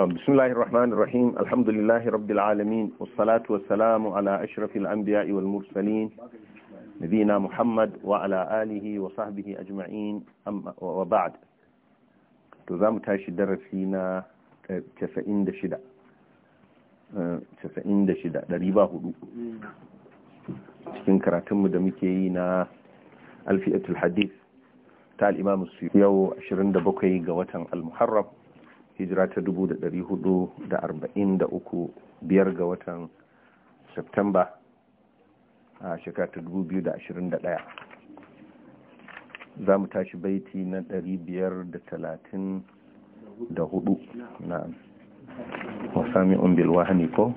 بسم الله الرحمن الرحيم الحمد لله رب العالمين والصلاة والسلام على أشرف الأنبياء والمرسلين نبينا محمد وعلى آله وصحبه أجمعين وبعد تزام تاشي درسينا تسعين دشدة تسعين دشدة دريبا هدو cikin karatunmu da muke yi na alfi'atul hadith ta al'imamu su yau 27 ga watan al-muharram hijira ta 443 biyar ga watan Septemba a shekara ta 2021 za mu tashi baiti na 534 na wasami umbil wahani ko?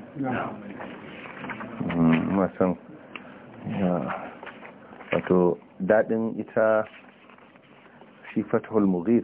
masan mm, wato daɗin ita shi fatahul mughis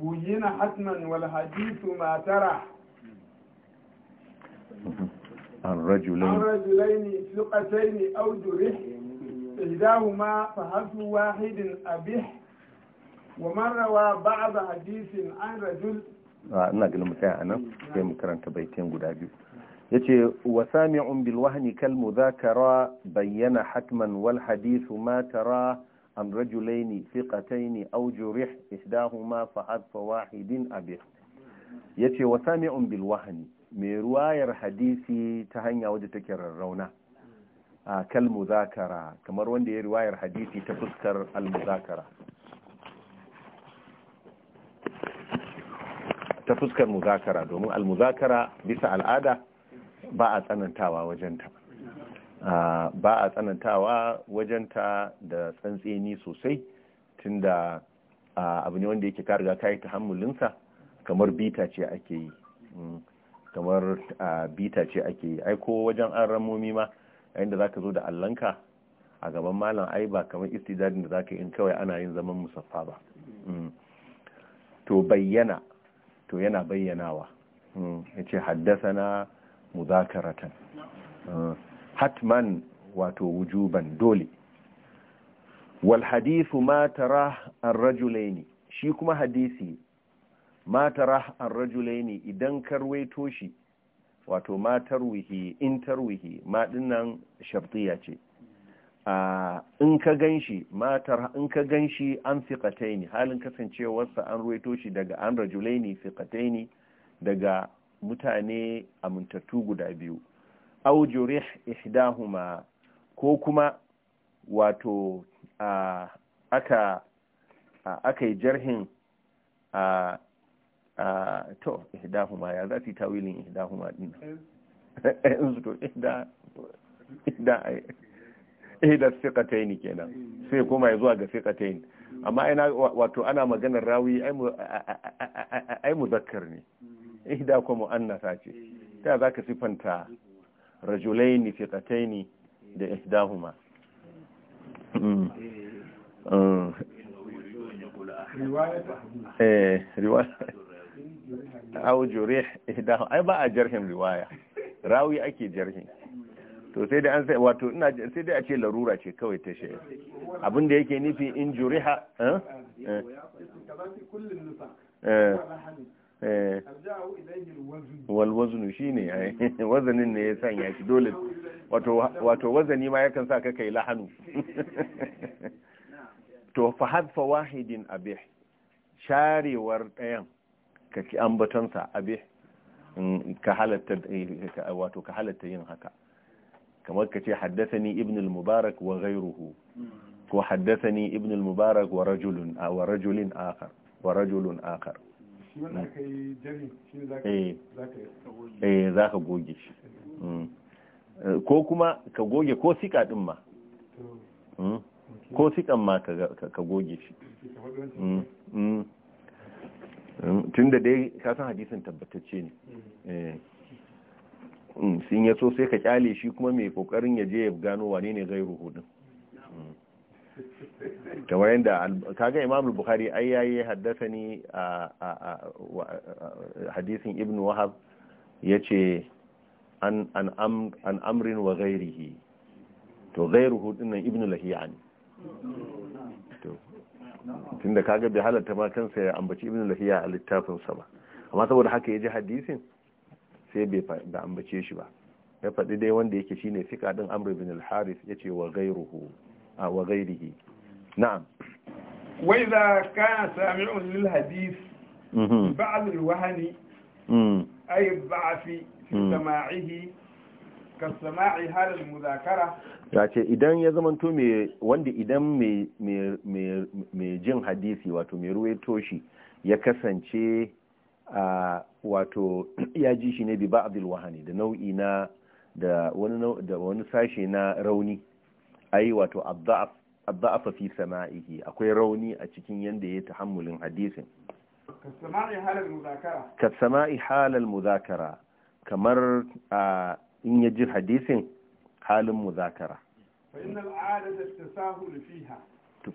بوين حتما والحديث ما ترى عن رجلين عن رجلين ثقتين أو جرح إحداهما فحسب واحد أبيح ومن روى بعض حديث عن رجل ina ganin mutum a nan sai mu karanta baitin guda biyu ya wa sami'un bilwahani kalmu zakara bayyana hatman wal hadithu ma عن رجلين ثقتين أو جرح إحداهما فحذف yace wa يتي وسامع بالوهن mai ruwayar hadisi ta hanya wadda take rarrauna a kalmuzakara kamar wanda ya ruwayar hadisi ta fuskar almuzakara ta fuskar muzakara domin almuzakara bisa al'ada ba a tsanantawa wajenta ba a tsanantawa wajenta da tsantseni sosai tunda abu ne wanda yake kariga ka yi tahammulinsa kamar bita ce ake yi mm, kamar bita ce ake yi aiko wajen an ramomi ma yayin da ka zo da allanka a gaban malam ai ba kamar istidadin da za zaka in kawai ana yin zaman musaffa ba mm. to bayyana to yana bayyanawa mm, Ya ce yace na muzakaratan hatman wato wujuban dole wal hadithu ma tara ar-rajulaini shi kuma hadisi ma tara ar-rajulaini idan karwaito shi wato ma tarwihi in tarwihi ma dinnan shartiya ce in ka ganshi ma tara in ka ganshi an fiqataini halin kasancewarsa an ruwaito shi daga an rajulaini fiqataini daga mutane amintattu guda biyu au jurih ihdahuma ko kuma wato aka aka yi jarhin a to ihdahuma ya za yi tawilin ihdahuma din yanzu to ihda ihda siqatayn kenan sai kuma ya zuwa ga siqatayn amma ina wato ana maganar rawi ai muzakkar ne ihda ko mu'annasa ce ta za ka sifanta rajulaini fiqataini da ihdahuma mm. Mm. eh riwaya ai ba a jarhin riwaya rawi ake jarhin to sai da an sai wato ina sai dai a ce larura ce kawai ta shi abin da yake nufi in juriha eh, eh. eh. Eh. walwazinu shi ne wazanin ne ya sanya shi dole wato wazani ma yakan sa ka kai lahanu to fa hadfa wahidin abih sharewar ɗayan ka ci ambatonsa abih ka halatta wato ka halatta yin haka kamar ka ce haddasa ibn al-mubarak wa gairuhu hmm. ko haddasa ibn al-mubarak wa rajulun akar rajulin akhar shi wanda za ka goge shi mm. eh, ko kuma ka goge ko sika din ma mm. ko sikan ma ka goge shi mm, tun da dai kasan hadisin tabbatacce ne sun eh. eh. ya so sai ka kyale shi kuma mai kokarin ya je ya gano wane ne gairu hudun kamar yadda kaga imam bukhari ai yayi ni a hadisin ibn wahab yace an an am an amrin wa ghairihi to ghairuhu dinnan ibn lahiya ne to tunda kaga bi halatta ma kansa ya ambaci ibn lahiya a littafin sa ba amma saboda haka yaji hadisin sai bai ambace shi ba ya faɗi dai wanda yake shine fiqa din amr ibn al-harith yace wa ghairuhu wa ghairihi na'am wa idza kana sami'un lil hadith mhm. ba'd al wahni mm. ay ba'fi mm. sama'ihi kasama'i halal muzakara ya ce idan ya zamanto mai wanda idan mai jin hadisi wato mai ruwaito shi ya kasance a wato ya ji shi ne bi ba abdul wahani da nau'i na da wani sashe na rauni ai wato adda'afa fi sama'ihi akwai rauni a cikin yanda ya tahammulin hadisin ka sama'i halal muzakara kamar a in ya ji hadisin halin muzakara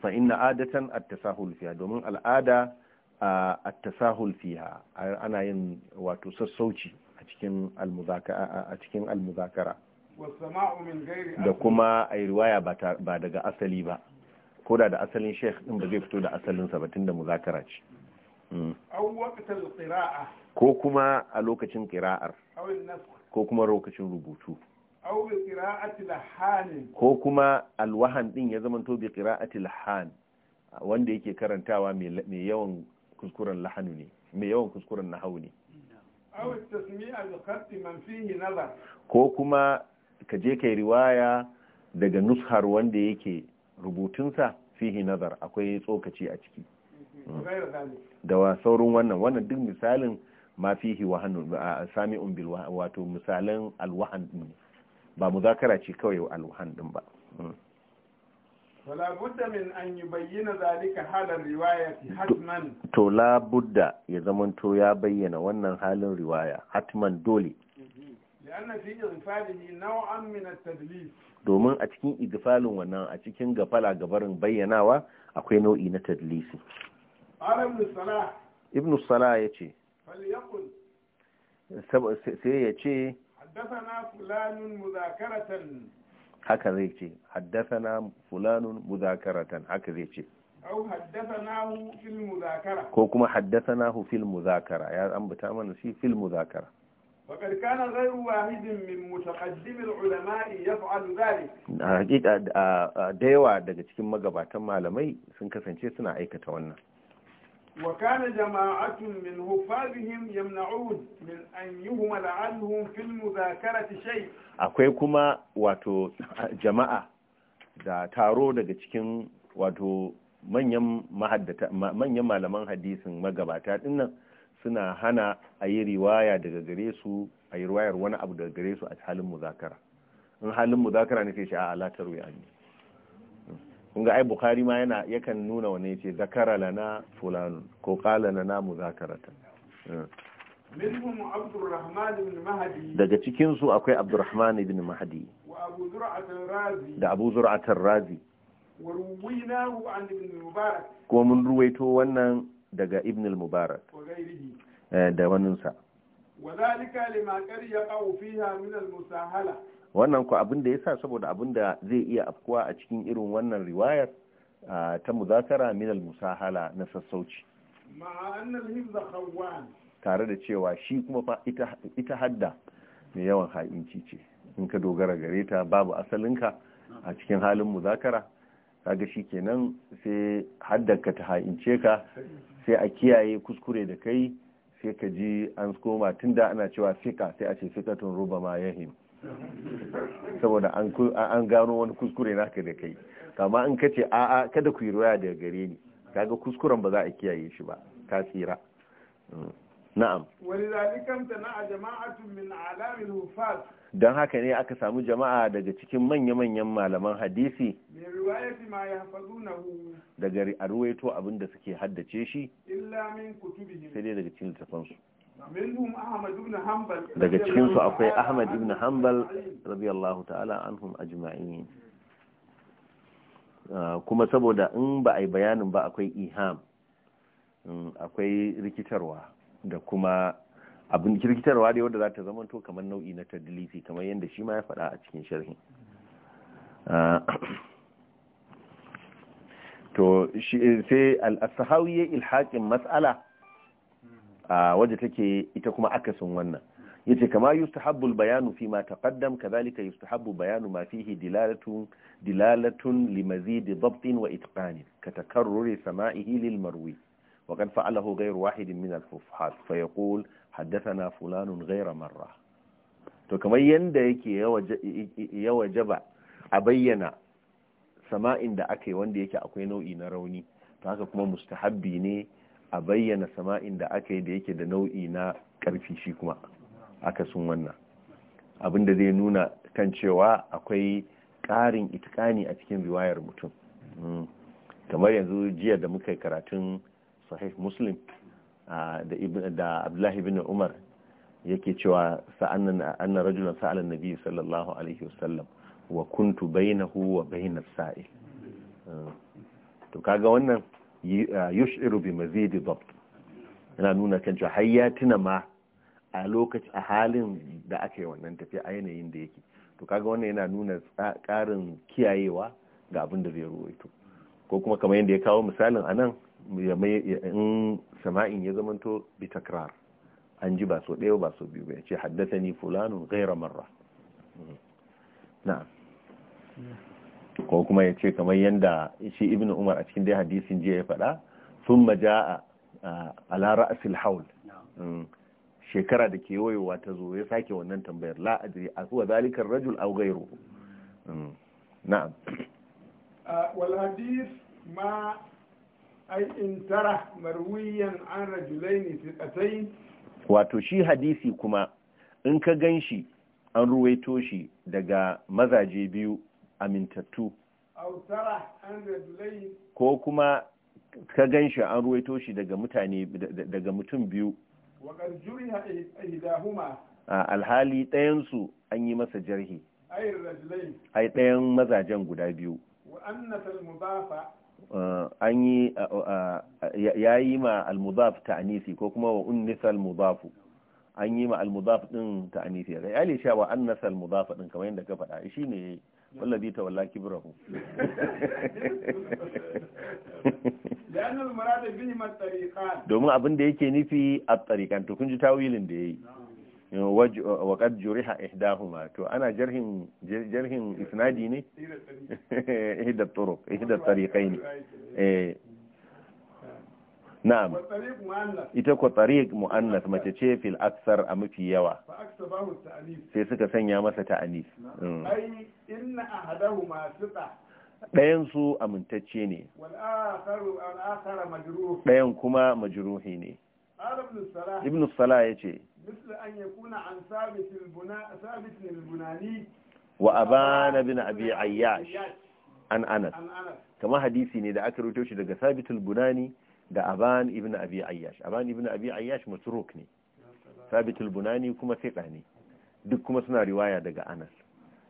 fa inna adatan at-tasahul fiha domin al'ada at-tasahul fiha ana yin wato sassauci a cikin al-muzakara da kuma a yi riwaya ba daga asali ba ko da da asalin sheikh din ba zai fito da asalinsa ba tun da muzakara ce hmm. ko kuma a lokacin kira'ar ko kuma lokacin rubutu ko kuma alwahan din ya zamanto bi qira'ati lahan wanda yake karantawa mai yawan kuskuren lahanu ne mai yawan kuskuren nahawu ne ko kuma ka je kai riwaya daga nushar wanda yake rubutunsa fihi nazar akwai tsokaci a ciki mm-hmm. da saurin wannan wannan duk misalin ma fihi wahanun sami umbil wato misalin alwahan din ba muzakara ce kawai alwahan din ba mm. to la budda ya zamanto ya bayyana wannan halin riwaya hatman dole domin a cikin igifalin wannan a cikin gafala gabarin bayyanawa akwai nau'i na tadlisi ibn sala ya ce sai ya ce haka zai ce haddasana fulanun muzakaratan haka zai ce ko kuma haddasanahu fil muzakara ya ambata mana shi fil muzakara فقد كان غير واحد من متقدم العلماء يفعل ذلك حقيقة da yawa daga cikin magabatan malamai sun kasance suna aikata wannan وكان جماعة من حفاظهم يمنعون من أن يهمل عنهم في المذاكرة شيء akwai kuma wato jama'a da taro daga cikin wato manyan malaman hadisin magabata dinnan suna hana a yi riwaya daga gare su a yi riwayar wani abu daga gare su a halin muzakara in halin muzakara ne sai shi a alatar wuya ne kun ga ai bukari ma yana yakan nuna wani ce zakara lana fulanun ko kala lana muzakarata. Hmm. daga cikinsu akwai abdurrahman ibn mahdi da abu zur'at razi kuma mun ruwaito wannan daga ibn al-mubarak Eh, da waninsa wannan ku abin da ya sa saboda abin da zai iya afkuwa a cikin irin wannan riwayar ta muzakara al musahala na sassauci tare da cewa shi kuma fa ita hadda mai yawan ha'inci ce in ka dogara gare ta babu asalinka a cikin halin muzakara kaga shi kenan sai haddarka ta ha'ince ka sai a kiyaye kuskure da kai sai ka ji an koma tun da ana cewa fika sai a ce fikatun ruba ma yahim saboda an gano wani kuskure naka da kai kama an ka ce a'a kada ku yi roya daga gare ni kaga kuskuren ba za a kiyaye shi ba ka tsira mm. na'am don haka ne aka samu jama'a daga cikin manya-manyan malaman hadisi daga arwaito abinda suke haddace shi sai dai daga cikin littafansu daga cikinsu akwai ahmad ibn hanbal radiyallahu ta'ala anhum ajma'in ah, kuma saboda in ba a yi bayanin ba akwai iham mm, akwai rikitarwa da kuma abin kirkitarwa dai wadda za ta zama to kamar nau'i na tadlisi kamar yadda shi ma ya faɗa a cikin sharhi ah, to sai al-sahawi ya ilhaqin mas'ala a ah, waje take ita kuma akasin wannan yace kama yustahabbul bayanu fi ma taqaddam kadhalika yustahabbu bayanu ma fihi dilalatu dilalatu limazid dabtin wa itqan ka takarruri sama'ihi lil marwi وقد فعله غير واحد من الفصحاء haddasa na fulanun gaira مرة to kamar yanda yake ya wajaba a bayyana sama'in da aka yi wanda yake akwai nau'i na rauni to haka kuma mustahabbi ne a bayyana sama'in da aka yi da yake da nau'i na karfi shi kuma aka sun wannan abin da zai nuna kan cewa akwai ƙarin itikani a cikin riwayar mutum kamar yanzu jiya da muka karatun sahih muslim uh, da abdullahi bin umar yake cewa sa'annan anna rajulan sa'ala nabi sallallahu alaihi wasallam wa kuntu bainahu wa bainas sa'il uh, to kaga wannan uh, yush'iru bi mazidi dabt yana nuna kan cewa har ya tuna ma a lokaci a halin da aka wannan tafiya a yanayin da yake to kaga wannan yana nuna karin kiyayewa ga abin da zai ruwaito ko kuma kamar yadda ya kawo misalin anan in sama'in ya zamanto bi takrar an ji ba so ɗaya ba so biyu ce haddasa ni fulano gaira marra mhm. na ko kuma ya ce kamar yadda shi ibn umar a cikin dai hadisin jiya ya faɗa sun maja a alara asil haul mm. shekara da ke wayowa ta zo ya sake wannan tambayar la adri a kuwa zalikar rajul au gairu mm. na'am hadis ma ai in tara marwiyan an rajulaini thiqatain wato shi hadisi kuma in ka gan shi an ruwaito shi daga mazaje biyu amintattu ko kuma ka gan shi an ruwaito shi daga mutane daga mutum biyu alhali ɗayansu an yi masa jarhi ai ɗayan mazajen guda biyu an yi ya yi ma almudaf ta'anisi ko kuma wa unnisa almudafu an yi ma almudaf din ta'anisi ga yali sha wa annasa almudaf din kamar yadda ka faɗa shi ne wallazi ta walla kibrahu domin abin da yake nufi a tsarikan to kun ji tawilin da yayi waƙad juriha ihdahuma to ana jarhin jarhin isnadi ne ihda turuq ihda tariqaini eh na'am ita ko tariq muannas mace ce fil aksar a mafi yawa sai suka sanya masa ta'anis mm. ai inna ahadahuma sita ɗayan su amintacce ne ɗayan kuma majruhi ne ibn salah yace مثل أن يكون عن ثابت البناء ثابت البناني وأبان بن da aka rubuto shi daga Sabit bunani da Aban ibn Abi Ayyash Aban ibn Abi Ayyash matruk ne Sabit al-Bunani kuma fiqa ne duk kuma suna riwaya daga Anas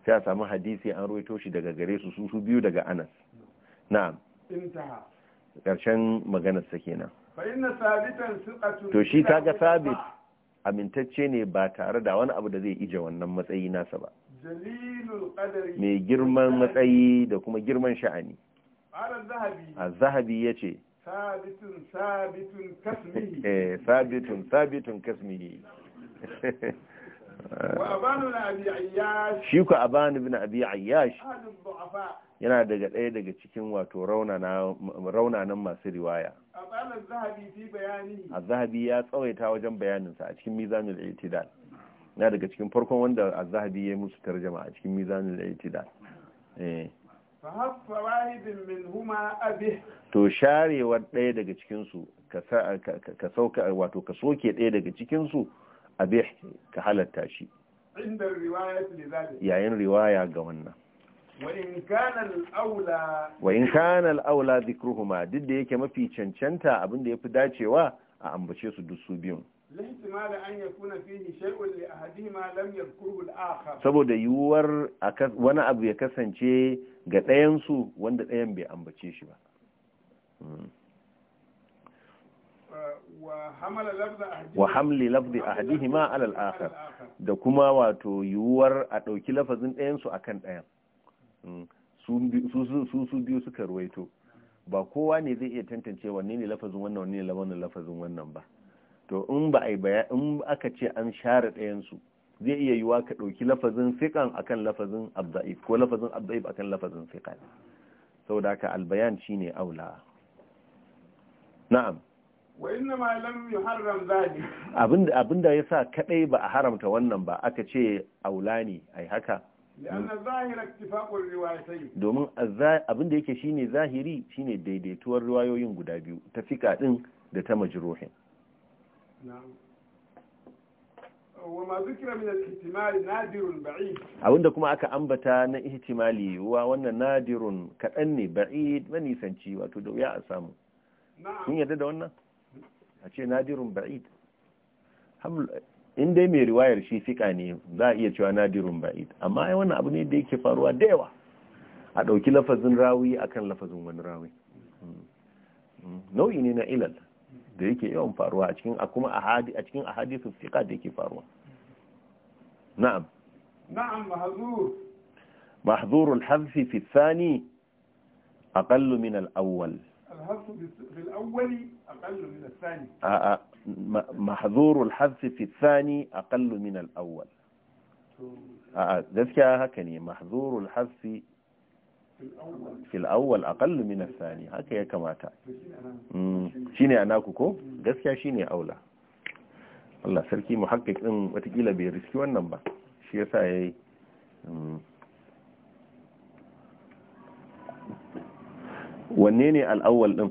sai a samu hadisi an rubuto shi daga gare su su biyu daga Anas na'am karshen maganar sa kenan to shi ta ga sabit amintacce ne ba tare da wani abu da zai ije wannan matsayi nasa ba mai girman matsayi da kuma girman sha'ani a zahabi ya ce sabitun sabitun kasmihi eh, shi ku abanu bin abi ayyash yana daga ɗaya daga cikin wato raunanan masu riwaya a zahabi ya tsawaita wajen bayaninsa a cikin mizanul itidal na daga cikin farkon wanda a zahabi ya musu tarjama a cikin mizanul itidal eh. to sharewar ɗaya daga cikinsu ka sauka wato ka soke ɗaya daga cikinsu abih ka halatta shi yayin riwaya ga wannan wa in kana al'aula zikruhuma duk da yake mafi cancanta abinda ya fi dacewa a ambace su duk su biyun saboda yiwuwar wani abu ya kasance ga ɗayansu wanda ɗayan bai ambace shi ba hmm. wa hamli lafzi ahadihima ala al-akhar da kuma wato yiwuwar a ɗauki lafazin ɗayan su akan ɗayan su su biyu suka ruwaito ba kowa ne zai iya tantance wanne ne lafazin wannan wanne ne wannan lafazin wannan ba to in ba ai baya in aka ce an share ɗayan su zai iya yiwuwa ka ɗauki lafazin fiqan akan lafazin abda'if ko lafazin abda'if akan lafazin fiqan saboda haka albayan shine aula na'am abin da ya sa kadai ba a haramta wannan ba aka ce aulani ai haka domin abin da yake shine zahiri shine daidaituwar riwayoyin guda biyu ta fika din da ta majruhin abinda kuma aka ambata na ihtimali wa wannan nadirun kaɗan ne ba'id manisanci wato da wuya a samu sun yarda da wannan a ce nadirun ba'id in dai mai riwayar shi fika ne za a iya cewa nadirun ba'id amma ai wannan abu ne da yake faruwa da yawa a ɗauki lafazin rawi akan lafazin wani rawi hmm. Hmm. nau'i ne na ilal da yake yawan faruwa a cikin ahadi a cikin ahadisu da yake faruwa na'am na'am mahzur mahzurul hadfi fi thani aqallu min al-awwal الحذف في الأول أقل من الثاني محظور الحذف في الثاني أقل من الأول gaskiya haka ne mahzurul hasfi fil awwal aqall min haka ya kamata shine anaku ko gaskiya shine aula Allah sarki muhaqqiq din watakila bai riski wannan ba shi yasa yayi ونيني الأول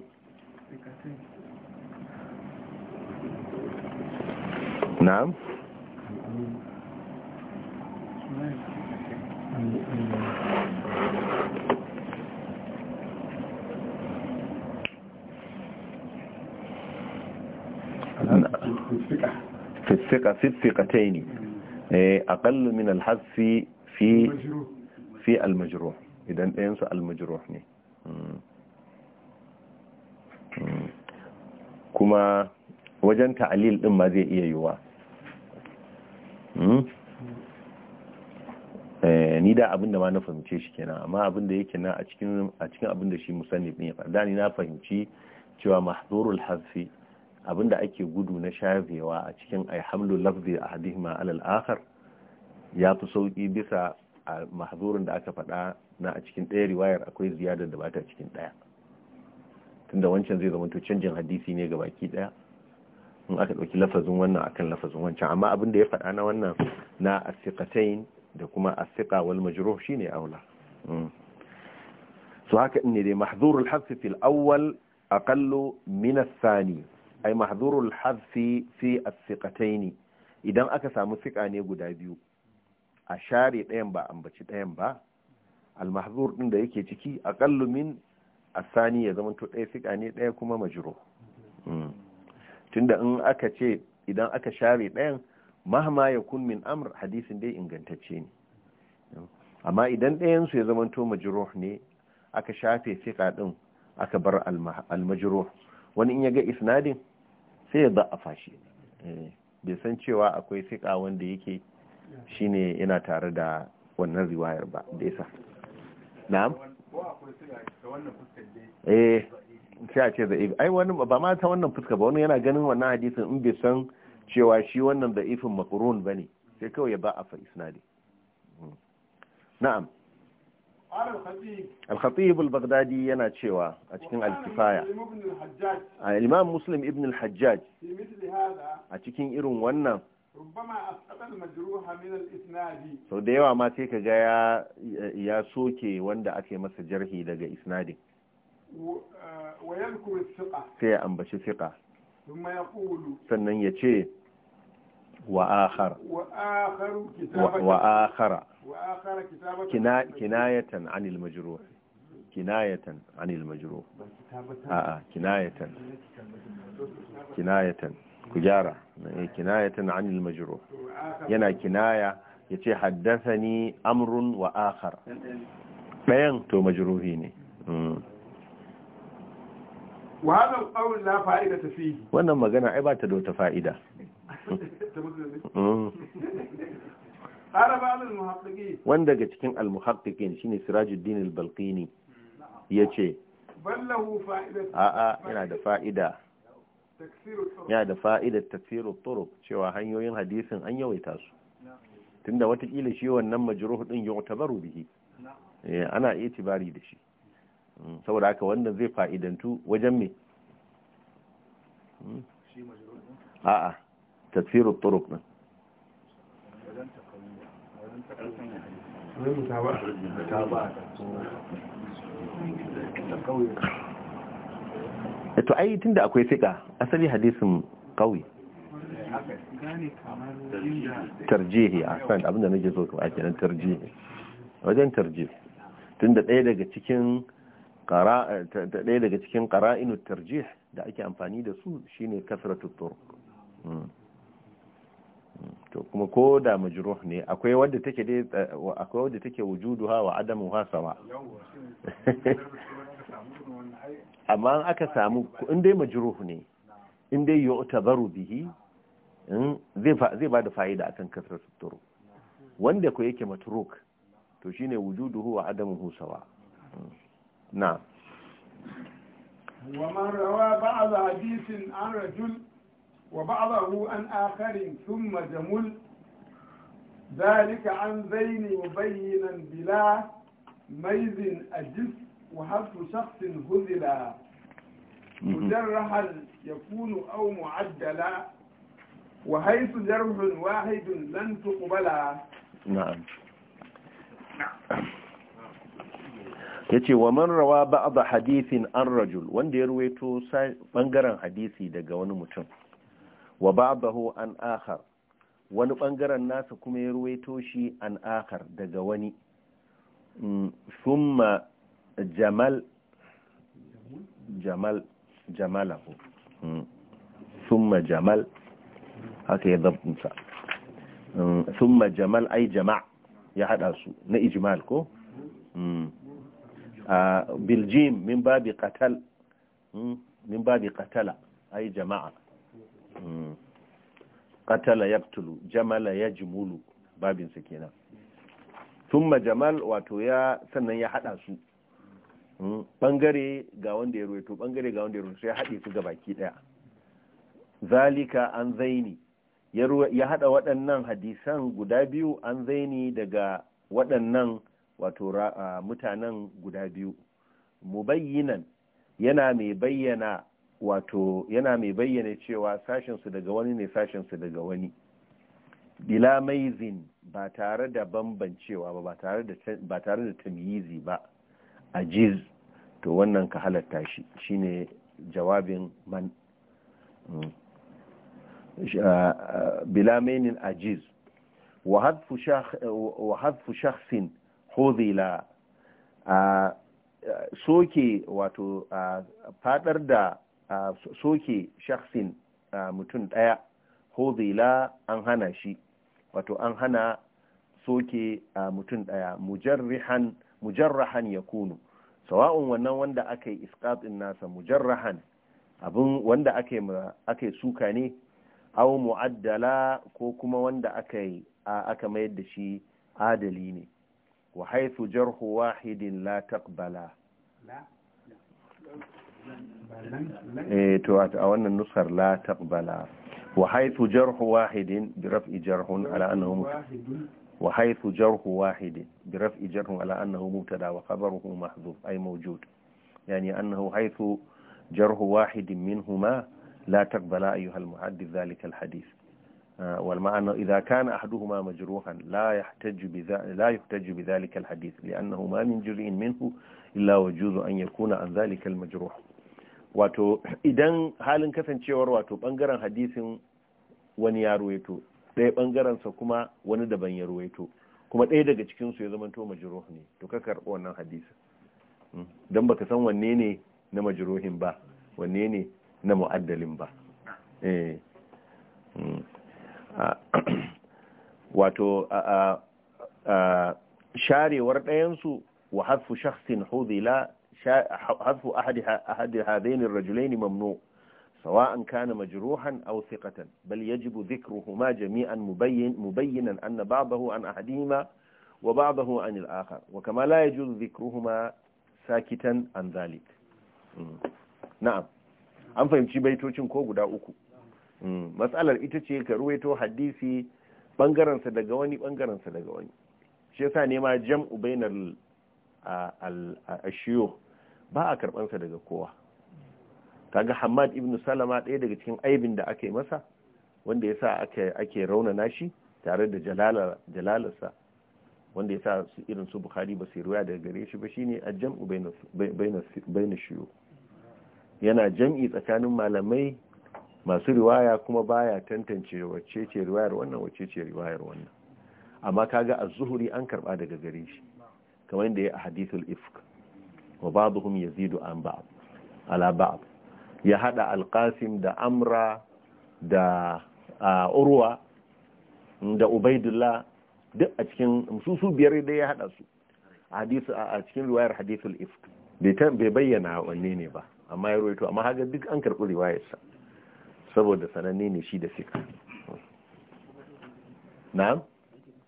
نعم في الثقة في الثقتين أقل من الحذف في في المجروح إذا أنسى المجروح kuma wajen ta'alil din ma zai iya yiwa hmm? eh, ni da abinda ma na fahimce shi kenan amma abinda yake na a cikin abinda shi musamman din ya faɗa ni na fahimci cewa mahzurul hazfi abinda ake gudu na shafewa a cikin ay hamlu lafzi a alal akhar ya fi sauki bisa a mahzurin da aka faɗa na a cikin ɗaya riwayar akwai ziyadar da ba ta cikin ɗaya tunda wancan zai zama to canjin hadisi ne baki daya in aka dauki lafazin wannan akan lafazin wancan amma abin da ya faɗa na wannan na asiqatain da kuma asiqa wal majruh shine aula mm. so haka ne dai mahdhurul hadf fil awwal aqallu min ath-thani ay mahdhurul hadf fi asiqatain idan aka samu siqa ne guda biyu a share ɗayan ba ambaci ɗayan ba al-mahdhur din da yake ciki aqallu min asani ya zama to ɗaya fiƙa ne ɗaya kuma majiro tunda in aka ce idan aka share ɗayan mahama ya kun min amr hadisin dai ingantacce ne amma idan ɗayan su ya zama to majiro ne aka shafe fiƙa ɗin aka bar almajiro wani in yaga ga isnadin sai ya a fashi. bai san cewa akwai fiƙa wanda yake shine yana tare da wannan riwayar ba da yasa na'am eh a ce da ai wani ba ma ta wannan fuska ba wani yana ganin wannan hadisin in bai san cewa shi wannan da ifin makurun ba ne sai kawai ya ba a fa isnadi hmm. na'am al-khatib al-baghdadi yana cewa a cikin al-kifaya ah, muslim ibn al-hajjaj a cikin irin wannan sau da yawa ma sai ka ga ya soke wanda ake masa jarhi daga isnadin eh, sai ya ambashi fiƙa sannan ya ce وآخر وآخر كتابة وآخر وآخر كتابة كنا كناية عن المجروح كناية عن ku gyara eh, kinayatan anil majrur yana kinaya ya haddasa ni amrun wa akhar ɗayan to majruhi ne hmm. wannan magana ai ba ta da wata fa'ida hmm. wanda daga cikin almuhaqqiqin shine sirajuddin al-balqini yace ballahu a'a yana da fa'ida ya da fa'idar tafsirul turuq cewa hanyoyin hadisin an yawaita su tunda watakila shi wannan yau din baro bihi eh, ana itibari da shi mm, saboda haka wannan zai fa'idantu wajen me hmm? a'a tafsirul turuq din Eh, to ai tunda akwai fiƙa asali hadisin ƙauye tarjihi a san abinda nake so so ake nan tarjihi wajen tarjihi tunda ɗaya daga cikin ɗaya daga cikin ƙara'inu tarjih da ake amfani da su shine kasratu turq hmm. hmm. to kuma ko da majruh ne akwai wadda take dai eh, akwai wadda take wujuduha wa adamuha sawa amma aka samu in dai majruh ne in dai yu'tabaru bihi zai ba da fa'ida akan kasar turu wanda ku yake matruk to shine wujuduhu wa adamuhu sawa na ومن روى بعض حديث عن رجل وبعضه عن آخر ثم جمل ذلك عن زين مبينا بلا ميز أجس وحذف شخص هذلا مجرحا يكون أو معدلا وحيث جرح واحد لن تقبلا نعم yace wa man rawa ba'd hadithin an rajul wanda ya ruwaito bangaren hadisi daga wani mutum wa ba'dahu an akhar wani bangaren nasa kuma ya ruwaito shi an akhar daga wani thumma jamal jamal jamalahu summa hmm. jamal haka ya zabtunsa summa hmm. jamal ai jama' ya hada su na ijmal ko hmm. biljim min babi qatal min babi qatala ai jama'a qatala yaqtulu jamala yajmulu babinsa kenan summa jamal wato ya sannan ya hada su bangare hmm? ga wanda ya ruwaito bangare ga wanda ya ruwaito ya haɗe su ga baki ɗaya zalika an zaini ya haɗa waɗannan hadisan guda biyu an zaini daga waɗannan wato mutanen guda biyu mubayyinan yana mai bayyana wato yana mai bayyana cewa sashensu daga wani ne sashensu daga wani dila maizin ba tare da bambancewa ba ba tare da tamyizi ba ajiz to wannan ka halatta shi shine jawabin man mm, bilamainin ajiz wa hadfu shakhsin khudila soke wato fadar da soke shakhsin mutum daya khudila an hana shi wato an hana soke mutum daya mujarrihan mujarrahan ya kunu sawa'un wannan wanda aka yi iskatin nasa mujarrahan abin wanda aka yi suka ne au mu'addala ko kuma wanda aka yi mayar da shi adali ne wa haithu jarhu wahidin la taqbala eh to a wannan nusar la taqbala wa haithu jarhu wahidin bi raf'i jarhun ala annahu وحيث جره واحد برفع جره على أنه مبتدا وخبره محذوف أي موجود يعني أنه حيث جره واحد منهما لا تقبل أيها المحدث ذلك الحديث والمعنى إذا كان أحدهما مجروحا لا يحتج لا يحتج بذلك الحديث لأنه ما من جزء منه إلا وجوز أن يكون عن ذلك المجروح wato idan halin kasancewar wato bangaren hadisin wani ya ruwaito ɗaya ɓangarensa kuma wani daban ya ruwaito kuma ɗaya daga cikinsu ya zamanto majiruh ne to ka karɓi wannan hadisi hmm. don baka san wanne ne na majiruhin ba wanne ne na mu'addalin ba eh. hmm. wato sharewar ɗayansu wa hasfu shakhsin hudila hasfu ahadi hadaini rajulaini mamnu سواء كان مجروحا أو ثقة بل يجب ذكرهما جميعا مبين مبينا أن بعضه عن أحدهما وبعضه عن الآخر وكما لا يجوز ذكرهما ساكتا عن ذلك نعم an fahimci baitocin ko guda uku matsalar ita ce ka ruwaito hadisi bangaransa daga wani bangaransa daga wani shi yasa nema jam'u bainar ashiyo ba a karbansa daga kowa kaga hamad ibn salama ɗaya daga cikin aibin da aka yi masa wanda ya sa ake raunana shi tare da jalalarsa wanda ya sa su irin su bukhari ba su ruwa daga gare shi ba shine a jam'u baina shiyo yana jam'i tsakanin malamai masu riwaya kuma baya tantance wacce ce riwayar wannan wacce ce riwayar wannan amma kaga a zuhuri an karba daga gare shi kamar yadda ya a hadithul ifk wa ba'dhum yazidu an ba'd ala ba'd ya hada alkasim da amra da urwa mm, da ubaidullah duk a cikin su biyar da ya hada su a cikin riwayar hadithul ifk bai bayyana wanne ne ba amma ya ruwaito amma haka duk an karɓi riwayarsa saboda sananne ne shi da sika na'am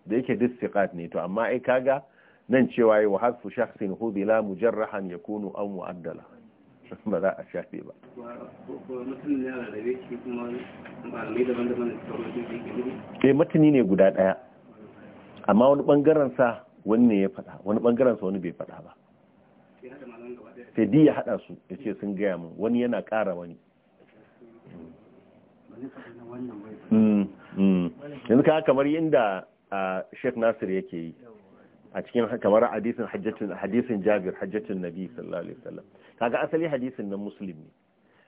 da yake duk sikat ne to amma ai kaga nan cewa yi wa hasfu shakhsin hudila mujarrahan yakunu an mu'addala ba za a shafe ba eh matani ne guda daya amma wani bangaren sa wani ne ya faɗa wani bangaren sa wani bai faɗa ba sai di ya haɗa su ya ce sun gaya min wani yana ƙara wani mm, mm. yanzu ka kamar yadda ah, sheikh nasir yake yi a cikin kamar hadisin hajjatun hadisin Jabir hajjatun Nabi sallallahu alaihi wasallam kaga asali hadisin nan Muslim ne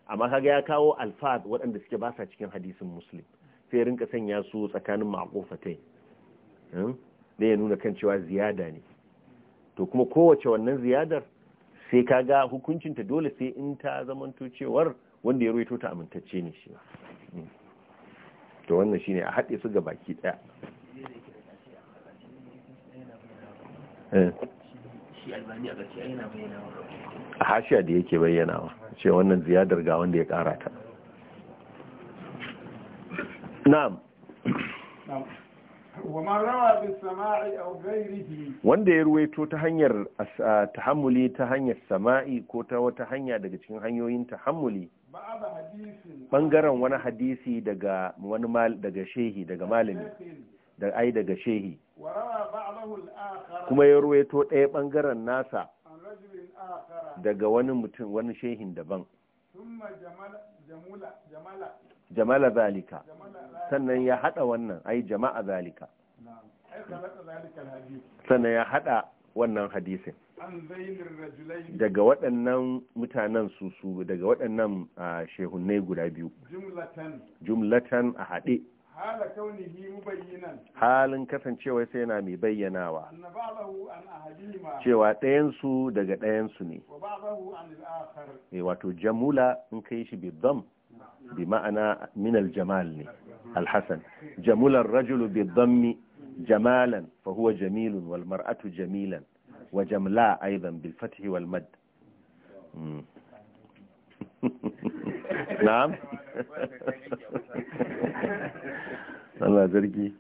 amma kaga ya kawo alfaz waɗanda suke ba sa cikin hadisin Muslim sai rinka sanya su tsakanin ma'qufatai ne hmm? ya nuna kan cewa ziyada ne to kuma kowace wannan ziyadar sai kaga ta dole sai in ta zamanto cewar wanda ya ruwaito ta amintacce ne shi hmm. to wannan shine a haɗe su ga baki ɗaya Eh. hashiya da yake bayyanawa ce wannan ziyadar ga wanda ya kara ta na'am wanda ya ruwaito ta hanyar tahammuli ta hanyar sama'i ko ta wata hanya daga cikin hanyoyin tahammuli bangaren wani hadisi daga wani daga shehi daga malami da ai daga shehi kuma ya ruwaito ɗaya ɓangaren nasa daga wani mutum wani shehin daban jamala zalika sannan ya haɗa wannan ai jama'a zalika sannan ya haɗa wannan hadisin daga waɗannan mutanen su su daga waɗannan ah, shehunne guda biyu jumlatan a haɗe halin kasancewa sai yana mai bayyanawa cewa ɗayansu daga ɗayansu ne e wato jamula in kai shi bidam bi ma'ana minal jamal ne alhassan jamular rajulu bidammi jamalan fahuwa jamilun wal mar'atu jamilan wa jamla aidan bil fathi wal mad hmm. na'am Allah zargi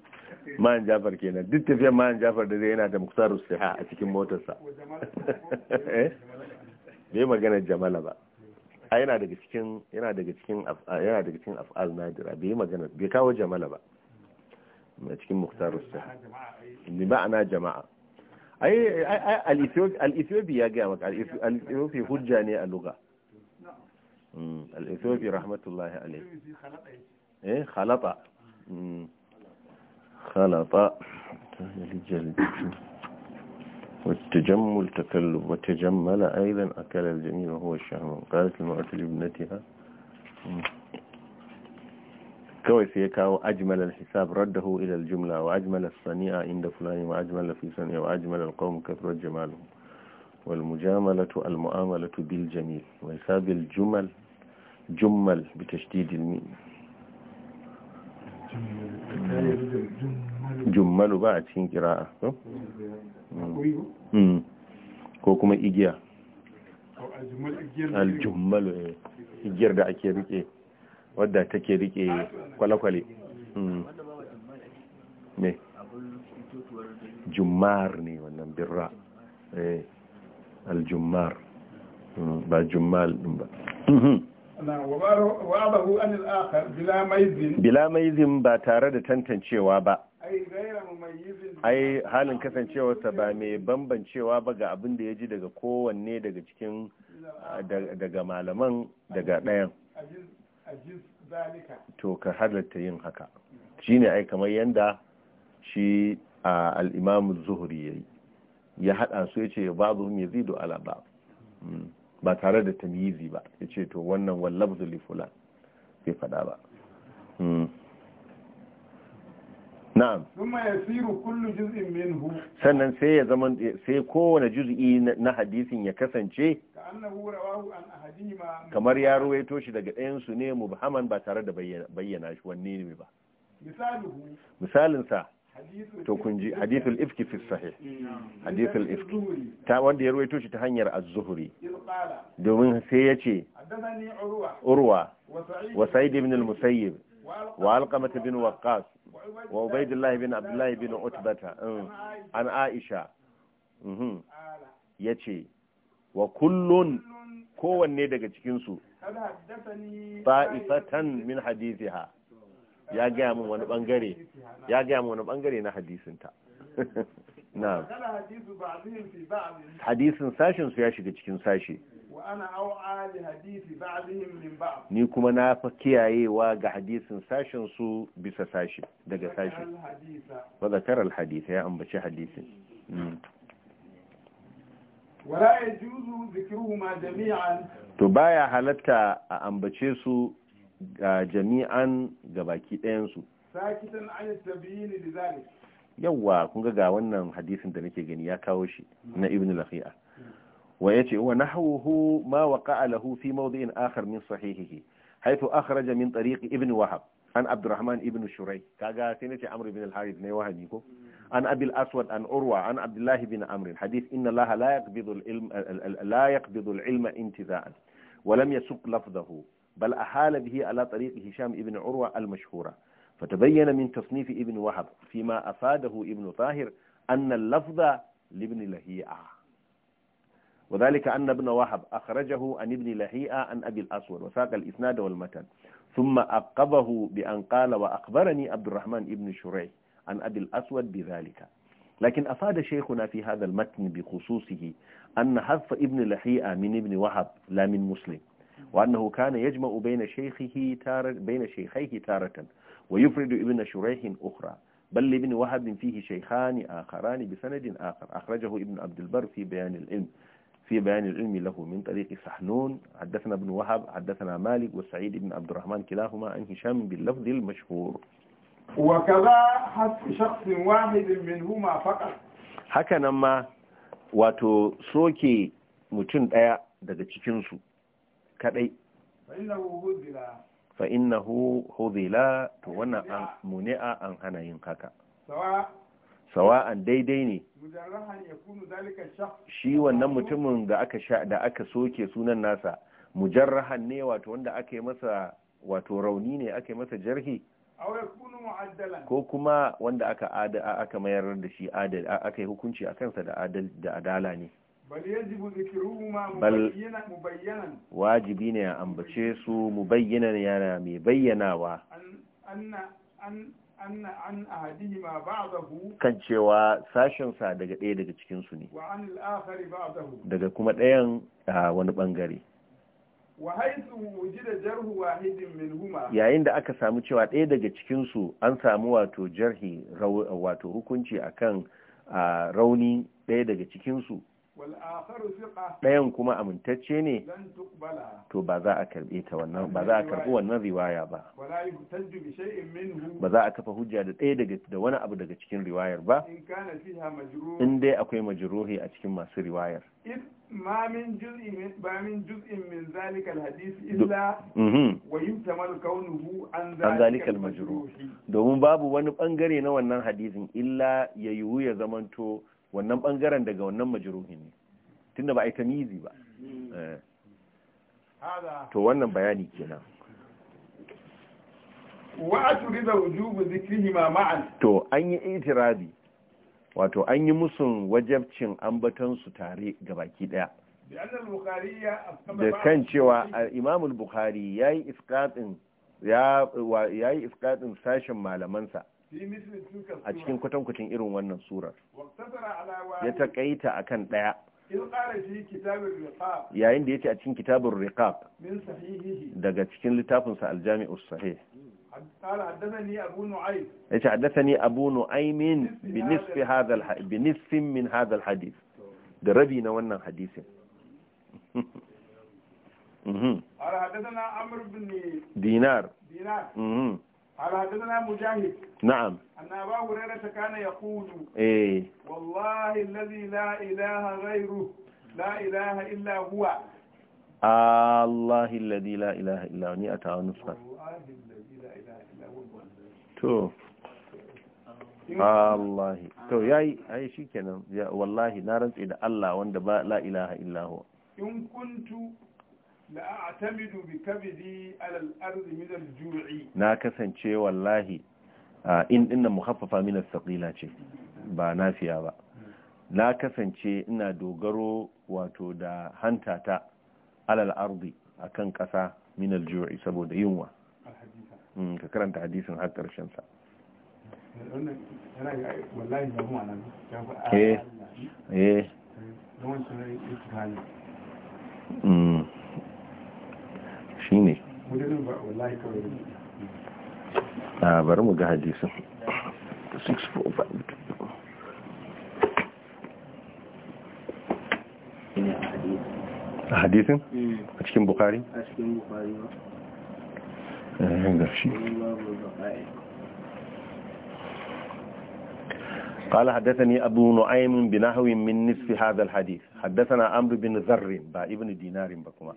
man jafar kenan duk tafiyar man jafar da zai yana da muktar siha a cikin motarsa eh? bai magana jamala ba a yana daga cikin yana daga cikin yana daga cikin af'al nadira bai magana bai kawo jamala ba a cikin muktar siha ni ana jama'a ai al ethiopia ya ga maka al ethiopia hujja ne a lugha الإثيوبي رحمة الله عليه إيه خلط إيه؟ خلط والتجمل تكلب وتجمل أيضا أكل الجميل وهو الشهم قالت المرأة لابنتها كويس سيكا أجمل الحساب رده إلى الجملة وأجمل الصنيعة عند فلان وأجمل في صنيعة وأجمل القوم كثرة جمالهم والمجاملة المؤاملة بالجميل وحساب الجمل جمل بتشديد الميم jummalu ba a cikin kira'a ko kuma igiya aljummalu igiyar da ake rike wadda take rike kwale-kwale ne jummar ne wannan birra aljummar ba jummal din ba bila maizin ba tare da tantancewa ba ai halin kasancewarsa ba mai bambancewa ba ga abin da ya ji daga kowanne daga cikin daga malaman daga ɗayan to ka halatta yin haka shine ai kamar yadda shi a al'imamu zuhuri ya yi ya haɗa su ya ce babu mai zido ala ba hmm. ba tare da tamyizi ba ya ce to wannan wallabzu li fulan bai fada ba hmm. na'am kuma yasiru kullu juz'in minhu sannan sai ya zama sai kowane juz'i na hadisin ya kasance kamar ya ruwaito shi daga ɗayan su ne mubhaman ba tare da bayyana shi wanne ne ba misalinsa to kun ji hadithul ifki fi sahih mm. hadithul ifki ta wanda ya ruwaito shi ta hanyar az-zuhri domin sai ya ce urwa wa sa'id ibn al-musayyib wa alqamah ibn waqqas wa ubaydullah ibn abdullah ibn utbata mm, an aisha mm-hmm. yace wa kullun kowanne daga cikin su ta'ifatan min hadithiha ya gaya min wani bangare ya gaya min wani bangare na hadisinta na hadisin sashin su ya shiga cikin sashi ni kuma na fa kiyayewa ga hadisin sashin su bisa sashi daga sashi wa zakar al hadith ya ambaci hadisin mm. wala yajuzu dhikruhuma jami'an to baya halatta a ambace su jami'an ga baki ɗayansu sakitan an sabili da yawwa kun ga ga wannan hadisin da nake gani ya kawo shi mm. na ibn lafi'a mm. wa yace wa hauhu ma waqa'a lahu fi mawdi'in akhar min sahihihi haifu akhraja min tariq ibn wahab an abdurrahman ibn Shurai kaga sai nace amr ibn al-harith ne wahabi ko mm. an abil aswad an urwa an abdullah ibn amr hadith inna allaha la yaqbidu al-ilma intiza'an wa lam yasuq بل أحال به على طريق هشام ابن عروة المشهورة فتبين من تصنيف ابن وهب فيما أفاده ابن طاهر أن اللفظ لابن لهيعة وذلك أن ابن وهب أخرجه عن ابن لهيعة عن أبي الأسود وساق الإسناد والمتن ثم أقبه بأن قال وأخبرني عبد الرحمن ابن شريح عن أبي الأسود بذلك لكن أفاد شيخنا في هذا المتن بخصوصه أن حذف ابن لحيئة من ابن وهب لا من مسلم وأنه كان يجمع بين شيخه تارة بين شيخيه تارة ويفرد ابن شريح أخرى بل لابن وهب فيه شيخان آخران بسند آخر أخرجه ابن عبد البر في بيان العلم في بيان العلم له من طريق سحنون حدثنا ابن وهب حدثنا مالك وسعيد بن عبد الرحمن كلاهما عن هشام باللفظ المشهور وكذا حتى شخص واحد منهما فقط haka nan واتو سوكي soke ايا ɗaya daga kadai fa innahu hudila to wannan an muni'a an hana yin haka sawa'an daidai ne shi wannan mutumin da aka sha da aka soke sunan nasa mujarrahan ne wato wanda aka yi masa wato rauni ne aka yi masa jarhi ko kuma wanda aka aka mayar da shi adal aka yi hukunci a kansa da adal da adala ne bal wajibi ne a ambace su mu bayyana yana mai bayyanawa kan cewa sashensa daga ɗaya daga cikinsu ne daga kuma ɗayan a wani ɓangare yayin da aka samu cewa ɗaya daga cikinsu an samu wato jarhi wato hukunci akan rauni ɗaya daga cikinsu ɗayan kuma amintacce ne to ba za a karɓe ta wannan ba za a karɓi wannan riwaya ba ba za a kafa hujja da ɗaya daga da wani abu daga cikin riwayar ba in dai akwai majruhi a cikin masu riwayar ما من جزء من ما من جزء من ذلك الحديث domin babu wani bangare na wannan hadisin illa yiwu ya zamanto wannan bangaren daga wannan majruhin ne tunda ba a yi tamizi ba eh. to wannan bayani kenan wa aturida wujubu zikrihima ma'an to an yi itirabi wato an yi musun wajabcin ambatonsu tare tare gabaki daya da kan cewa eh, imamul bukhari ya yi iskatsin sashen malamansa a cikin kwatankwacin irin wannan surar ya taƙaita a kan ɗaya yayin da ya ce a cikin kitabun riqab daga cikin littafinsa aljami'ar sahih ya ce ni abu nu'aimin binisfin min hadal hadis. da rabi na wannan hadisin dinar mhm. على حدثنا مجاهد نعم أن أبا هريرة كان يقول إيه والله الذي لا إله غيره لا إله إلا هو الله الذي لا إله إلا هو نئة ونصر والله الذي لا إله إلا هو تو Allah to yayi ai shikenan wallahi na rantsi da Allah wanda ba la ilaha illa huwa in kuntu na kasance wallahi in dinnan muhaffafa min as-saqila ce ba nafiya ba na kasance ina dogaro wato da hantata alal ardi akan kasa min al-ju'i saboda yunwa mm, ka karanta hadisin har karshen sa eh, eh eh shi ne a bari mu ga hadisun 645 a hadisun hmm. a cikin bukari a eh, قال حدثني أبو نعيم بنحو من نصف هذا الحديث حدثنا عمرو بن ذر با ابن دينار بكما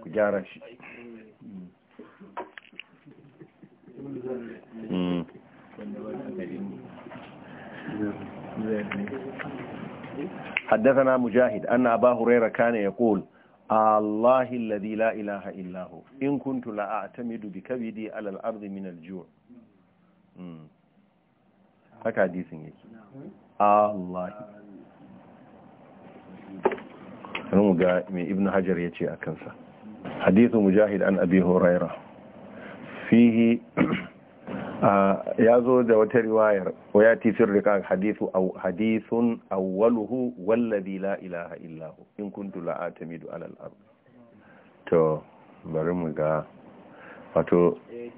ku gyara shi حدثنا مجاهد أن أبا هريرة كان يقول الله الذي لا إله إلا هو إن كنت لا أعتمد بكبدي على الأرض من الجوع هكا حديث نعم. الله mu ga mai ibn hajar ya ce a kansa hadithu mujahid an abi huraira fihi ya zo da wata riwayar wa ya tifir rika hadithu hadithun awwaluhu wallazi la ilaha illahu in kuntu la atamidu ala al to bari mu ga wato eh,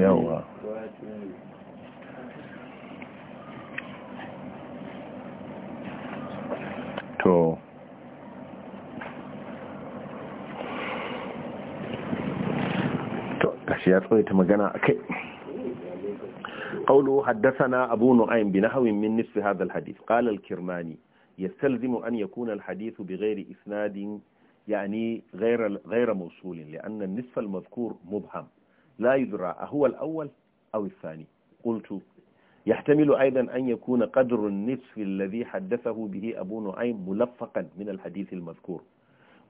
yawa to قوله حدثنا أبو نعيم بنحو من نصف هذا الحديث قال الكرماني يستلزم أن يكون الحديث بغير إسناد يعني غير غير موصول لأن النصف المذكور مبهم لا يدرى أهو الأول أو الثاني قلت يحتمل أيضا أن يكون قدر النصف الذي حدثه به أبو نعيم ملفقا من الحديث المذكور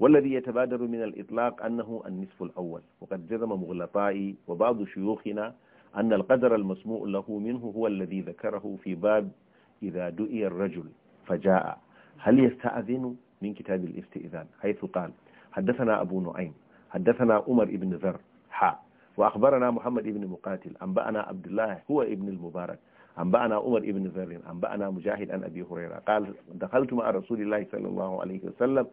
والذي يتبادر من الإطلاق أنه النصف الأول وقد جزم مغلطائي وبعض شيوخنا أن القدر المسموع له منه هو الذي ذكره في باب إذا دعي الرجل فجاء هل يستأذن من كتاب الاستئذان حيث قال حدثنا أبو نعيم حدثنا عمر بن ذر حاء وأخبرنا محمد بن مقاتل أنبأنا عبد الله هو ابن المبارك أنبأنا عمر بن ذر أنبأنا مجاهد عن أبي هريرة قال دخلت مع رسول الله صلى الله عليه وسلم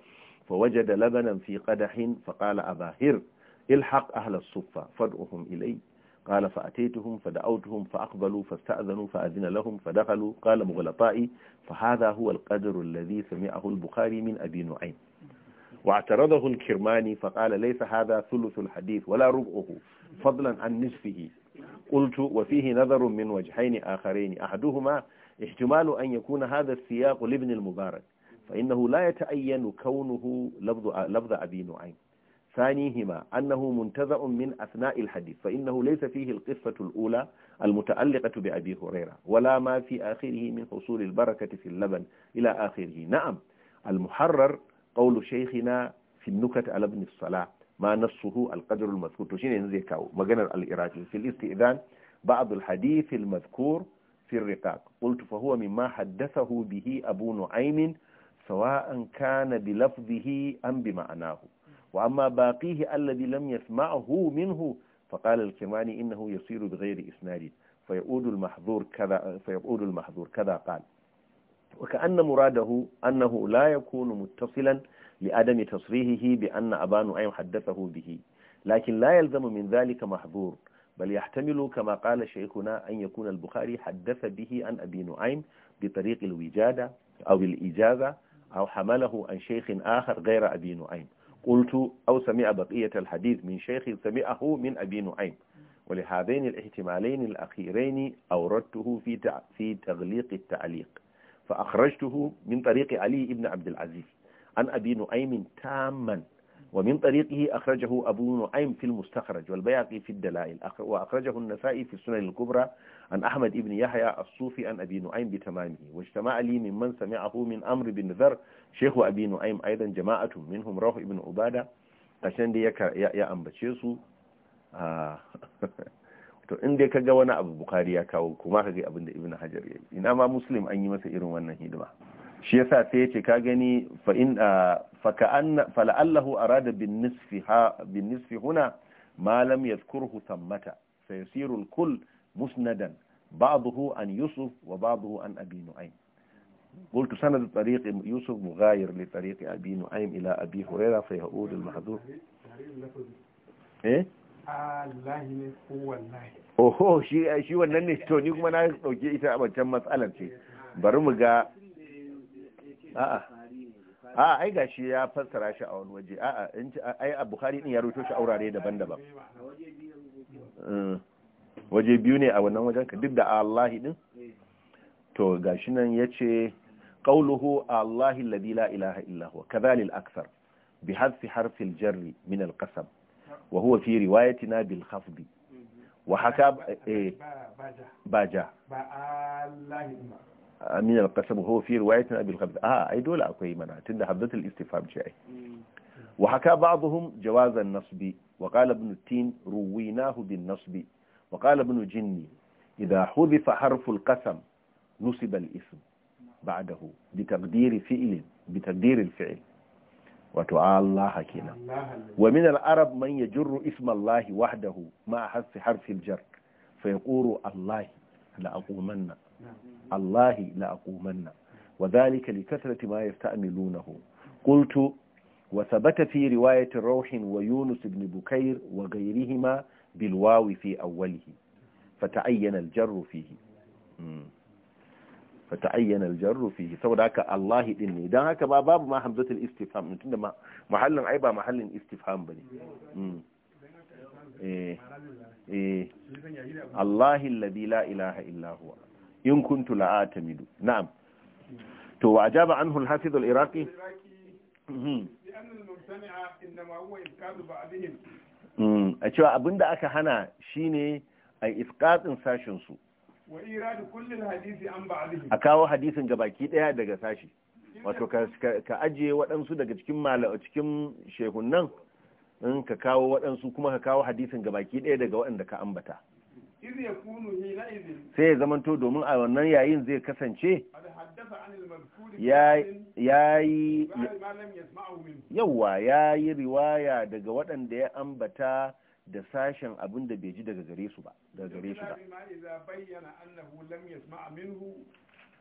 فوجد لبنا في قدح فقال أبا هر الحق أهل الصفة فادعهم إلي قال فأتيتهم فدعوتهم فأقبلوا فاستأذنوا فأذن لهم فدخلوا قال مغلطائي فهذا هو القدر الذي سمعه البخاري من أبي نعيم واعترضه الكرماني فقال ليس هذا ثلث الحديث ولا ربعه فضلا عن نصفه قلت وفيه نظر من وجهين آخرين أحدهما احتمال أن يكون هذا السياق لابن المبارك فإنه لا يتأين كونه لفظ, لفظ أبي نعيم ثانيهما أنه منتزع من أثناء الحديث فإنه ليس فيه القصة الأولى المتعلقة بأبي هريرة ولا ما في آخره من حصول البركة في اللبن إلى آخره نعم المحرر قول شيخنا في النكت على ابن الصلاة ما نصه القدر المذكور تشين shine كاو zai kawo maganar al-iraqi fil isti'dan في الرقاق قلت فهو مما حدثه به أبو نعيم سواء كان بلفظه أم بمعناه وأما باقيه الذي لم يسمعه منه فقال الكماني إنه يصير بغير إسناد فيقول المحظور كذا, فيقول المحظور كذا قال وكأن مراده أنه لا يكون متصلا لعدم تصريحه بأن أبا نعيم حدثه به لكن لا يلزم من ذلك محظور بل يحتمل كما قال شيخنا أن يكون البخاري حدث به عن أبي نعيم بطريق الوجادة أو الإجازة أو حمله عن شيخ آخر غير أبي نعيم قلت أو سمع بقية الحديث من شيخ سمعه من أبي نعيم ولهذين الاحتمالين الأخيرين أوردته في في تغليق التعليق فأخرجته من طريق علي بن عبد العزيز عن أبي نعيم تاما ومن طريقه أخرجه أبو نعيم في المستخرج والبياقي في الدلائل وأخرجه النسائي في السنن الكبرى عن أحمد بن يحيى الصوفي عن أبي نعيم بتمامه واجتمع لي ممن سمعه من أمر بن ذر شيخ أبي نعيم أيضا جماعة منهم روح بن عبادة عشان دي يا أنبتشيسو to in dai kaga wani abu bukari ya kawo kuma ka ga abin da ibn hajar ya yi ina ma muslim an yi masa irin wannan hidima shi yasa sai ya ce ka gani fa in fa anna fa la'allahu arada bin nisfi ha bin nisfi huna ma lam yadhkurhu thammata sayasiru al-kull musnadan ba'dahu an yusuf wa ba'dahu an abi nu'aym قلت سند طريق يوسف مغاير لطريق ابي نعيم إلى أبي هريرة فيعود المحذور ايه oho shi shi wannan ne to ni kuma na dauke ita a wancan matsalar ce bari mu ga a'a a'a ai gashi ya fassara shi a wani waje a'a ai a bukhari din ya rubuto shi a wurare daban-daban mm. waje biyu ne a wannan wajen ka duk da Allahi din to gashi nan yace qawluhu ƙauluhu alladhi la ilaha illa huwa kadhalil aksar bi hadfi harfi al-jarri min al-qasam وهو في روايتنا بالخفض وحكى باجا من القسم وهو في روايتنا بالخفض اه اي دول اكوي منا تند حبه الاستفهام جاي وحكى بعضهم جواز النصب وقال ابن التين رويناه بالنصب وقال ابن جني إذا حذف حرف القسم نصب الاسم بعده بتقدير فعل بتقدير الفعل wato Allah kenan wa min al-arab man yajru isma Allah wahdahu ma hasfi harfi al-jar fa yaqulu Allah la aqumanna Allah la aqumanna wa dhalika li kathrati ma yasta'milunahu qultu wa thabata fi riwayat ar-rawh wa Yunus ibn Bukair wa ghayrihima bil waw fi awwalihi فتعين الجر فيه فتعين الجر فيه سوداك الله دين ني دان هكا باب ما همزه الاستفهام تند ما محل اي با محل استفهام بني امم ايه ايه الله الذي لا اله الا هو ان كنت لاتمد نعم تو واجاب عنه الحافظ العراقي لان الممتنع انما هو اسقاط بعضهم امم a cewa abinda aka hana shine ai isqatin sashin su a kawo hadisin gabaki daya daga sashi wato ka ajiye waɗansu daga cikin mala'a cikin shehun nan in ka kawo waɗansu kuma ka kawo hadisin gabaki daya daga waɗanda ka ambata sai ya zamanto domin a wannan yayin zai kasance ya yi yauwa ya yi riwaya daga waɗanda ya ambata da sashen abin da bai ji daga gare su ba daga gare su ba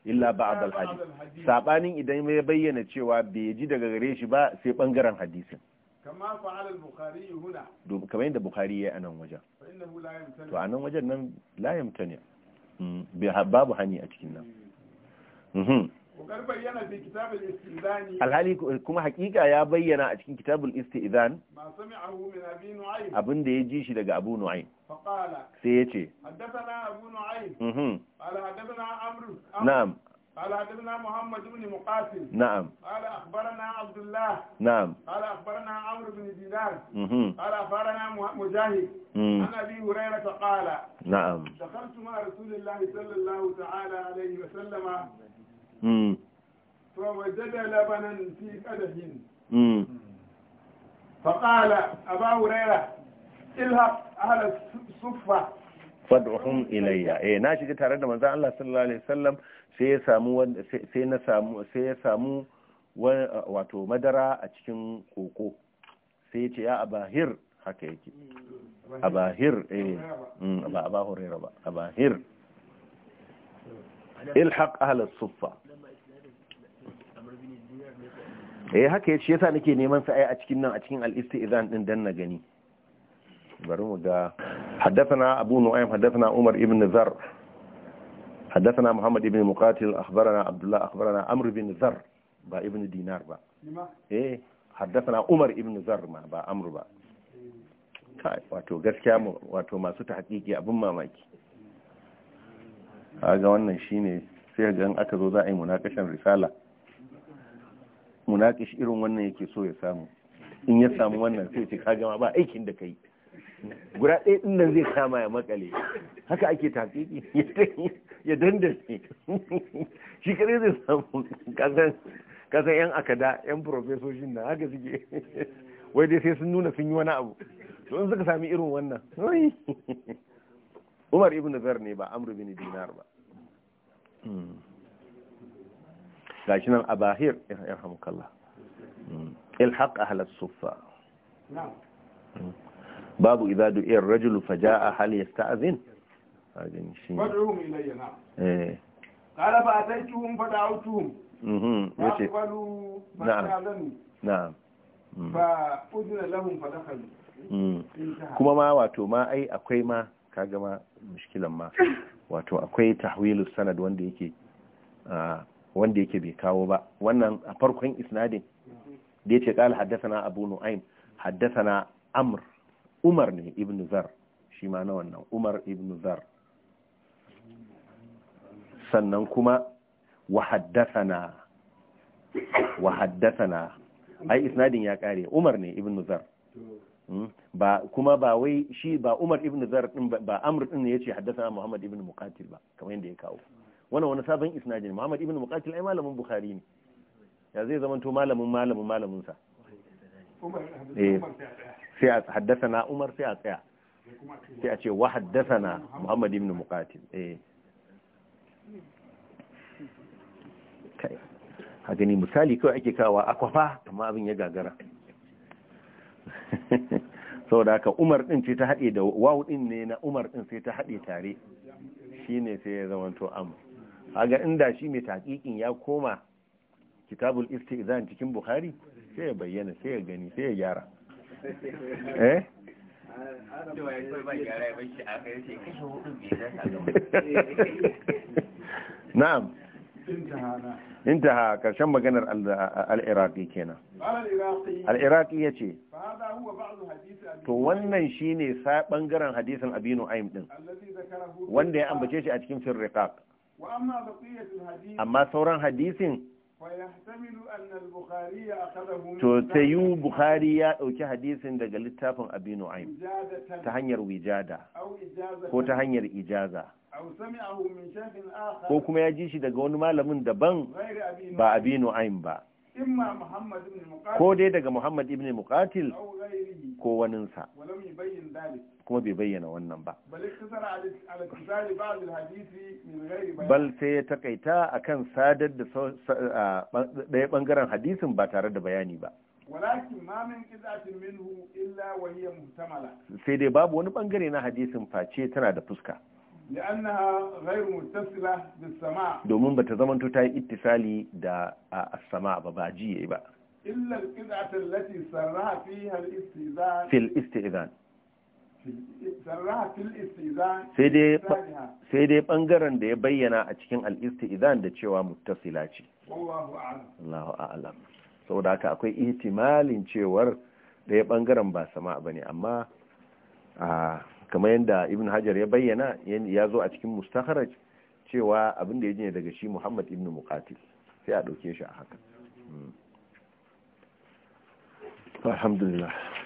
illa ba'd al-hadith sabanin idan ya bayyana cewa bai ji daga gare shi ba sai bangaren hadisin kama fa'ala bukhari huna to kamar yadda bukhari yayi anan wajen to anan wajen nan la yamtani mm, babu hani a cikin nan mhm alhali kuma hakika ya bayyana a cikin kitabul isti'zan abin da ya ji shi daga abu nu'aym sai yace haddathana abu nu'aym mhm ala haddathana amr na'am ala haddathana na'am na'am mhm. mujahid mhm. bi hurayra qala na'am dakhaltu فوجد لبنا في قدح فقال أبا هريرة إلهق أهل الصفة fad'uhum إلي eh na shiga من da manzon Allah sallallahu alaihi wasallam سيسامو سيسامو samu sai wato madara a cikin koko sai ya ce ya abahir haka yake hmm. abahir eh hmm, ba abahurera ba abahir ilhaq ahlus suffa eh haka yace yasa nake neman sa ai a cikin nan a cikin al-istizan din dan na gani bari mu ga haddathana abu nu'aym haddathana umar ibn zar haddathana muhammad ibn muqatil akhbarana abdullah akhbarana amr ibn zar ba ibn dinar ba eh haddathana umar ibn zar ma ba amr ba kai wato gaskiya wato masu tahqiqi abun mamaki ga wannan shi ne sai ga aka zo za a yi munakashin risala munakashi irin wannan yake so ya samu in ya samu wannan sai ce kaga ma ba aikin da ka yi guda ɗaya ɗin nan zai kama ya makale haka ake tafiki ya dandace shi kare zai samu kasan yan akada yan profesoshin na haka suke wai dai sai sun nuna sun yi wani abu to in suka sami irin wannan umar ibn zar ne ba amru bin dinar ba hmm. Ga shi nan a bahir irhamukallah hmm. ilhaq ahlas suffa hmm. babu idza du'ir rajulu faja'a hal yasta'zin hajin shi fad'uhum ilayya na eh qala fa ataytuhum fad'awtuhum mhm yace qalu na'am na'am fa udna lahum fadakhalu kuma ma wato ma ai akwai ma Ka gama mushkilan ma wato akwai tahwilu sanad wanda yake wanda yake bai kawo ba wannan a farkon isnadin da yace qala haddathana abu nu'aym haddathana amr umar ne ibn zar shi ma na wannan umar ibn zar sannan kuma wa haddathana wa haddathana ai isnadin ya kare umar ne ibn zar Hmm? ba kuma ba wai shi ba Umar ibn Zar din ba Amr din ne yace haddathana Muhammad ibn Muqatil ba kamar yadda ya kawo wannan wani sabon isnadin Muhammad ibn Muqatil ai malamin Bukhari ne ya zai zama to malamin malamin malamin sa sai a haddathana eh, Umar sai a tsaya sai a ce wa haddathana Muhammad ibn Muqatil eh kai gani misali kawai ake kawa akwafa amma abin ya gagara sau da haka umar din ce ta haɗe da wawu din ne na umar din sai ta haɗe tare shine sai ya zamanto a haga inda shi mai taƙiƙin ya koma kitabul istizan cikin buhari sai ya bayyana sai ya gani sai ya gyara na'am intaha karshen maganar al-iraqi kenan al-iraqi ya ce to wannan shine sa bangaren hadisin abinu aim din wanda ya ambace shi a cikin firriqaq amma sauran hadisin to ta yi bukhari ya ɗauki hadisin daga littafin abi nu'aim ta hanyar wijada ko ta hanyar ijaza ko kuma ya ji shi daga wani malamin daban ba abi nu'aim ba ko dai daga muhammad ibn muqatil ko waninsa kuma bai bayyana wannan ba bal sai ya takaita akan sadar da ɗaya ɓangaren hadisin ba tare da bayani ba walakin ma min minhu illa wa hiya sai dai babu wani bangare na hadisin face tana da fuska لأنها غير متصلة بالسماع دومون بتزمن تتاي اتصالي دا السماع بباجية با إلا القطعة التي سرها فيها sai dai bangaren da ya bayyana a cikin al'istizan da cewa muttasila ce Allahu a'lam saboda haka akwai ihtimalin cewar da ya bangaren ba sama bane amma kamar yadda ibn hajar ya bayyana ya zo a cikin mustakharaj cewa abin da ya jine daga shi muhammad ibn muqatil sai a ɗauke shi a haka hmm. alhamdulillah